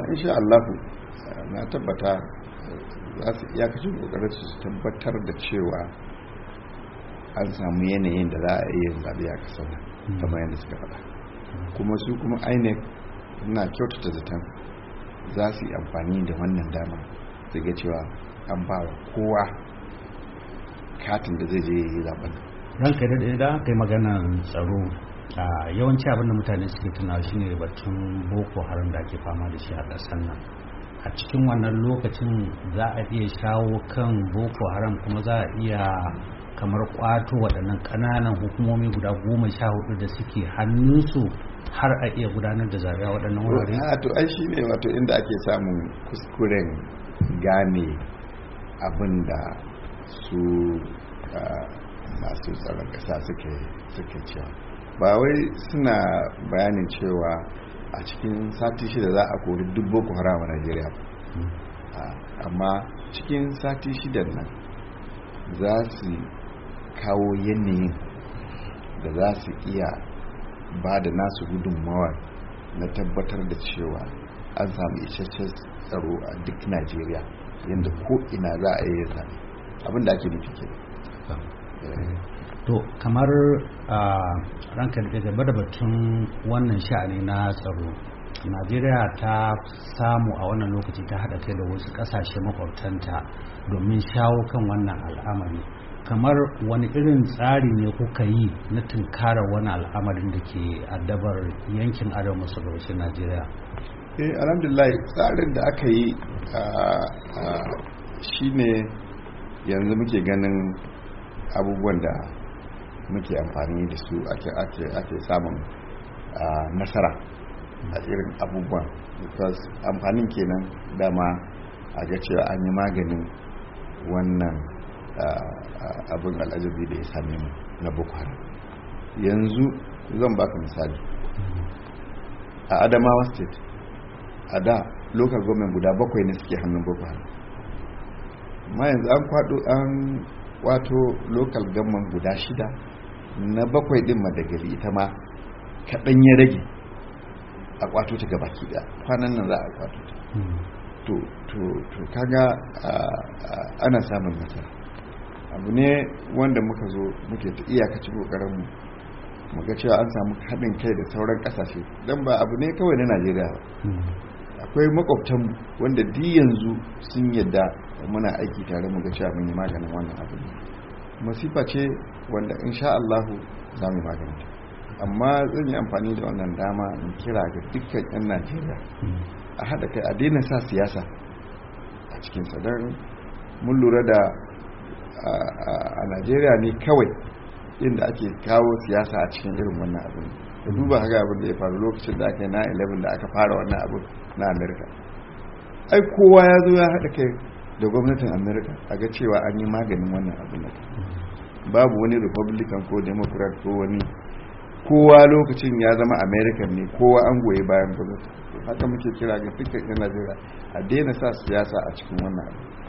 insha Allah na tabbata za su iya kashe kokarin su tabbatar da cewa an samu yanayin da za a iya zaɓe a kasar nan hmm. kamar yadda suka faɗa kuma su kuma inec na kyautata zaton za su yi amfani da wannan dama su ga cewa an ba wa kowa katin da zai je yi zaɓen ranka da idan kai magana tsaro a yawanci abin da mutane suke tunawa shine batun boko haram da ake fama da shi a ƙasar nan a cikin wannan lokacin za a iya shawo kan boko haram kuma za a iya kamar kwato waɗannan ƙananan hukumomi guda goma sha hudu da suke hannunsu har a iya gudanar da zaɓe waɗannan wurare? to ai shi ne wato inda ake samun kuskuren gane abin da su masu tsaron ƙasa suke cewa ba wai suna bayanin cewa a cikin sati shida za a kori duk boko haram a najeriya hmm. amma cikin sati shidan nan za su kawo yanayin da za su iya ba da nasu gudunmawar na tabbatar da cewa an samu isasshen tsaro a duk najeriya yadda ko ina za a yi ya abin abinda ake nufi ke to kamar a ranka da gaba da batun wannan sha'ani na tsaro najeriya ta samu a wannan lokaci ta haɗa kai da wasu ƙasashe makwabtanta domin shawo kan wannan al'amari kamar wani irin tsari ne kuka yi na tunkarar wani al'amarin da ke addabar yankin arewa masu gabashin najeriya eh alhamdulillah tsarin da aka yi shine yanzu muke ganin abubuwan da muke amfani da su ake samun nasara a irin abubuwan because amfanin kenan dama a ga cewa an yi maganin wannan abin al'ajabi da ya same mu na bukwari. yanzu zan baka misali a adamawa state a da local government guda bakwai ne suke hannun bukwari ma yanzu an kwado an wato local government guda shida na bakwai din madagali ita ma kaɗan ya rage a kwato ta gaba ki kwanan nan za a kwato ta hmm. to to to kaga ana samun nasara abu ne wanda muka zo muke ta iyakaci kokarin mu muka cewa an samu haɗin kai da sauran ƙasashe don ba abu ne kawai na najeriya ba hmm. akwai makwabtan wanda di yanzu sun yadda muna aiki tare muka cewa mun yi maganin wannan abu ne masifa ce wanda insha Allahu za mu magana amma zan yi amfani da wannan dama in kira ga dukkan 'yan najeriya a haɗa kai a daina sa siyasa a cikin don mun lura da a najeriya ne kawai inda ake kawo siyasa a cikin irin wannan abin da duba haka abin da ya faru lokacin da aka yi na 11 da aka fara wannan abin na amerika ai kowa ya zo ya haɗa kai da gwamnatin america a ga cewa an yi maganin wannan abin babu wani republican ko democrat ko wani kowa lokacin ya zama american ne kowa an goyi bayan gwamnati haka muke kira ga fikin yan najeriya a daina sa siyasa a cikin wannan abu